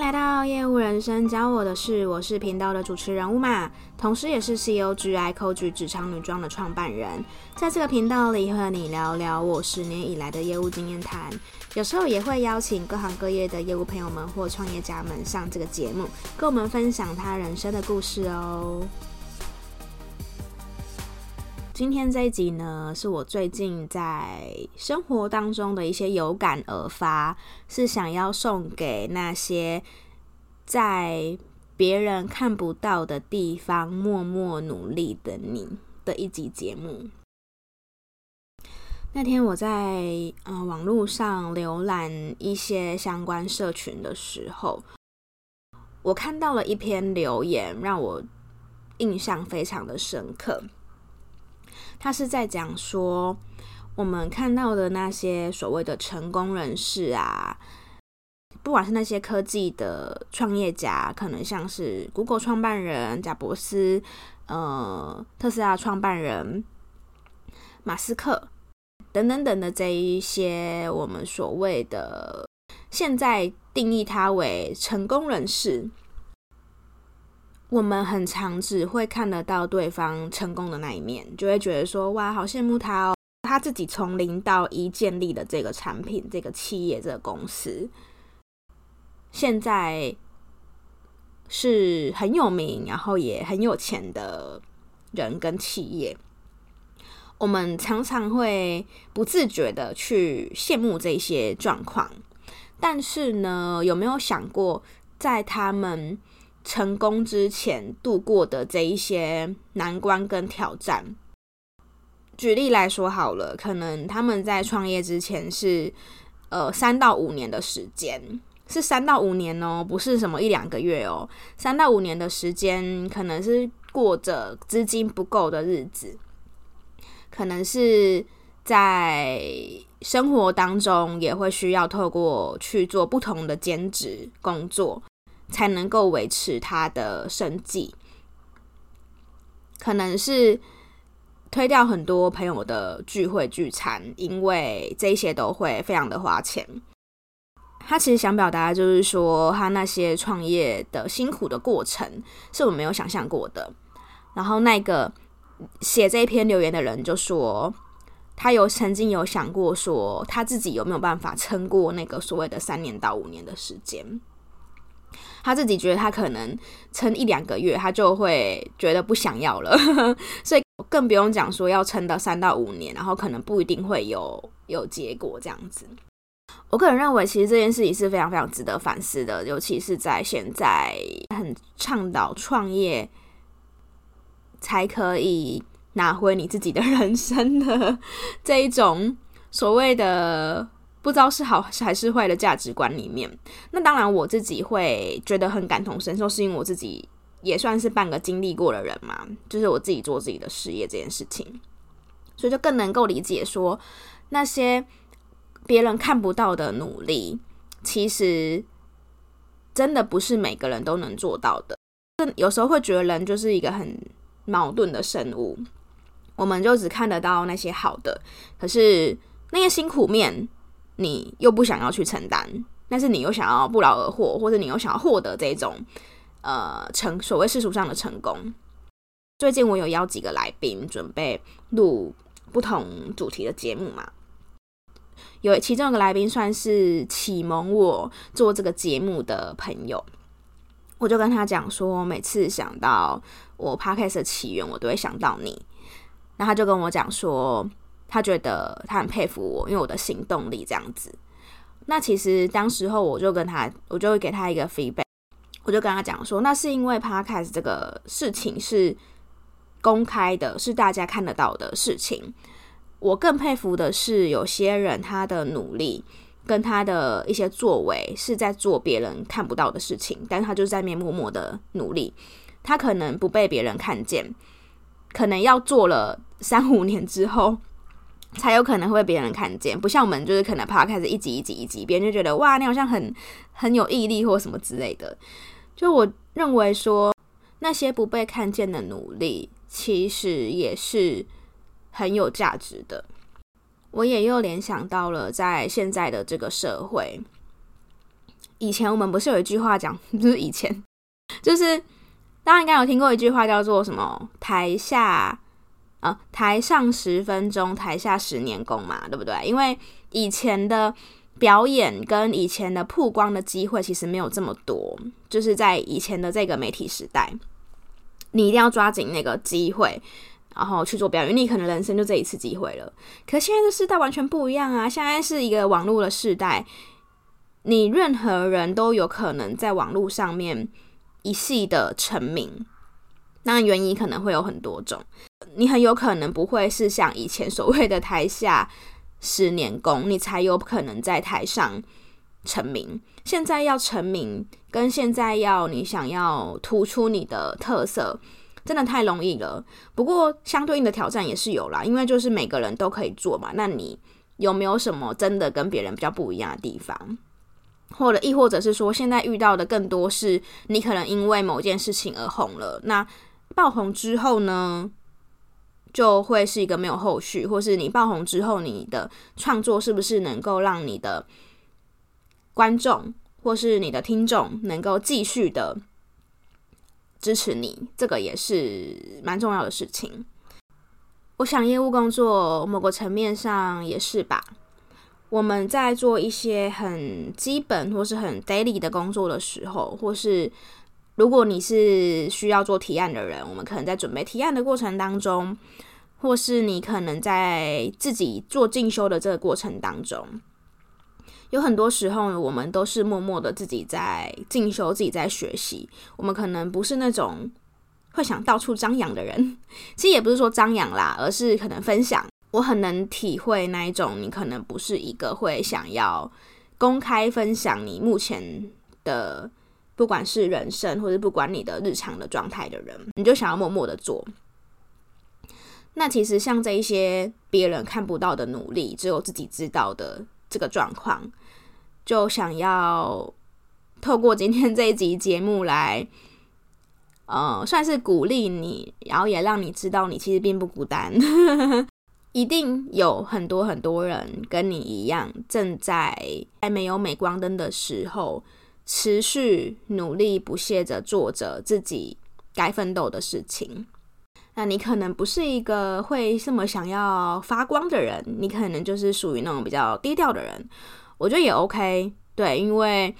來到業務人生教我的事我是頻道的主持人 Uma，同時也是 COGI 扣機職場女裝的創辦人，在這個頻道裡和你聊聊我十年以來的業務經驗談，有時候也會邀請各行各業的業務朋友們或創業家們上這個節目，跟我們分享他人生的故事哦。今天這一集呢，是我最近在生活當中的一些有感而發，是想要送給那些在別人看不到的地方默默努力的你的一集節目。那天我在，呃，網絡上瀏覽一些相關社群的時候，我看到了一篇留言，讓我印象非常的深刻。他是在講說，我們看到的那些所謂的成功人士啊，不管是那些科技的創業家，可能像是谷歌創辦人賈伯斯，呃，特斯拉創辦人馬斯克等等等的這一些，我們所謂的現在定義他為成功人士。我們很常只會看得到對方成功的那一面，就會覺得說：“哇，好羨慕他哦！”他自己從零到一建立的這個產品、這個企業、這個公司，現在是很有名，然後也很有錢的人跟企業，我們常常會不自覺地去羨慕這些狀況。但是呢，有沒有想過，在他們成功之前度過的這一些難關跟挑戰，舉例來說好了，可能他們在創業之前是，呃，三到五年的時間，是三到五年哦，不是什麼一兩個月哦，三到五年的時間，可能是過着資金不夠的日子，可能是在生活當中也會需要透過去做不同的兼職工作。才能夠維持他的生計，可能是推掉很多朋友的聚會聚餐，因為這些都會非常的花錢。他其實想表達就是說，他那些創業的辛苦的過程是我沒有想象過的。然後那個寫這一篇留言的人就說，他有曾經有想過說，他自己有沒有辦法撐過那個所謂的三年到五年的時間。他自己覺得他可能撐一兩個月，他就會覺得不想要了， 所以更不用講說要撐到三到五年，然後可能不一定會有有結果這樣子。我個人認為，其實這件事情是非常非常值得反思的，尤其是在現在很倡導創業才可以拿回你自己的人生的這一種所謂的。不知道是好還是壞的價值觀裡面，那當然我自己會覺得很感同身受，是因為我自己也算是半個經歷過的人嘛。就是我自己做自己的事業這件事情，所以就更能夠理解說那些別人看不到的努力，其實真的不是每個人都能做到的。有時候會覺得人就是一個很矛盾的生物，我們就只看得到那些好的，可是，那些辛苦面。你又不想要去承擔，但是你又想要不勞而獲，或者你又想要獲得這種，呃，成所謂世俗上的成功。最近我有邀幾個來賓準備錄不同主題的節目嘛，有其中一個來賓算是啟蒙我做這個節目的朋友，我就跟他講說，每次想到我 Podcast 的起源，我都會想到你。那他就跟我講說，他覺得他很佩服我，因為我的行動力這樣子。那其實當時候我就跟他，我就會給他一個 feedback。我就跟他講說，那是因為 podcast 這個事情，是公開的，是大家看得到的事情。我更佩服的是，有些人他的努力跟他的一些作為是在做別人看不到的事情，但是他就是在面默默的努力。他可能不被別人看見，可能要做了三五年之後。才有可能會被別人看見，不像我們就是可能 Podcast 一集一集一集。別人就覺得哇，你好像很很有毅力或什麼之類的。就我認為說，那些不被看見的努力，其實也是很有價值的。我也又聯想到了在現在的這個社會，以前我們不是有一句話講，就是以前，就是大家應該有聽過一句話叫做什麼台下，呃，台上十分鐘，台下十年功嘛，對不對？因為以前的表演跟以前的曝光的機會其實沒有這麼多，就是在以前的這個媒體時代，你一定要抓緊那個機會，然後去做表演。你可能人生就這一次機會了。可現在的時代完全不一樣啊！現在是一個網絡的世代，你任何人都有可能在網絡上面一夕的成名。那原因可能會有很多種，你很有可能不會是像以前所謂的台下十年功，你才有可能在台上成名。現在要成名，跟現在要你想要突出你的特色，真的太容易了。不過相對應的挑戰也是有啦，因為就是每個人都可以做嘛。那你有沒有什麼真的跟別人比較不一樣的地方？或者亦或者是說，現在遇到的更多是你可能因為某件事情而紅了，那爆紅之後呢，就會是一個沒有後續，或是你爆紅之後，你的創作是不是能夠讓你的觀眾或是你的聽眾能夠繼續的支持你？這個也是蠻重要的事情。我想業務工作某個層面上也是吧。我們在做一些很基本或是很 daily 的工作的時候，或是，如果你是需要做提案的人，我們可能在準備提案的過程當中，或是你可能在自己做進修的這個過程當中，有很多時候我們都是默默的自己在進修，自己在學習。我們可能不是那種會想到處張揚的人，其實也不是說張揚啦，而是可能分享。我很能體會那一種，你可能不是一個會想要公開分享你目前的。不管是人生，或者不管你的日常的狀態的人，你就想要默默的做。那其實像這一些別人看不到的努力，只有自己知道的這個狀況，就想要透過今天這一集節目來，呃，算是鼓勵你，然後也讓你知道，你其實並不孤單， 一定有很多很多人跟你一樣，正在還沒有鎂光燈的時候。持續努力，不懈着做着自己該奮鬥的事情。那你可能不是一個會這麼想要發光的人，你可能就是屬於那種比較低調的人。我覺得也 OK，對，因為，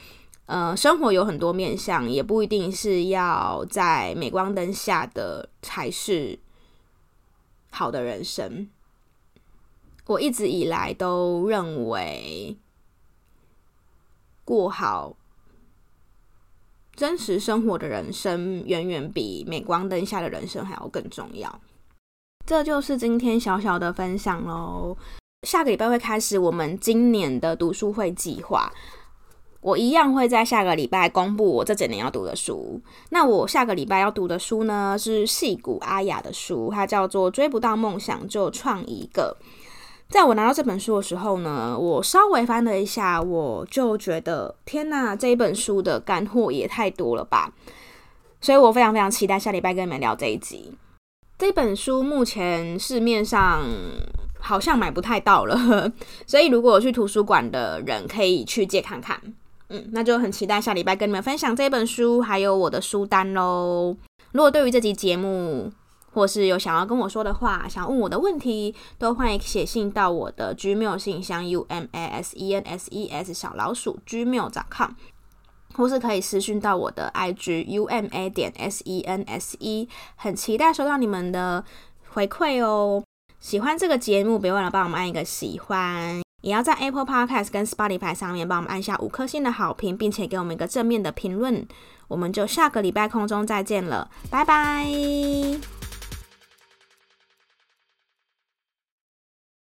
呃，生活有很多面向，也不一定是要在鎂光燈下的才是好的人生。我一直以來都認為，過好。真實生活的人生，遠遠比鎂光燈下的人生還要更重要。這就是今天小小的分享嘍。下個禮拜會開始我們今年的讀書會計劃，我一樣會在下個禮拜公布我這整年要讀的書。那我下個禮拜要讀的書呢，是矽谷阿雅的書，它叫做《追不到夢想就創一個》。在我拿到這本書的時候呢，我稍微翻了一下，我就覺得天哪，這一本書的乾貨也太多了吧！所以我非常非常期待下禮拜跟你們聊這一集。這本書目前市面上好像買不太到了，呵呵，所以如果有去圖書館的人可以去借看看。嗯，那就很期待下禮拜跟你們分享這本書，還有我的書單嘍。如果對於這集節目，或是有想要跟我說的話，想問我的問題，都歡迎寫信到我的 Gmail 信箱 u m a s e n s e s 小老鼠 Gmail 點 com，或是可以私訊到我的 IG u m a 點 s e n s e。很期待收到你們的回饋哦！喜歡這個節目，別忘了幫我們按一個喜歡，也要在 Apple Podcast 跟 Spotify 上面幫我們按下五顆星的好評，並且給我們一個正面的評論。我們就下個禮拜空中再見了，拜拜。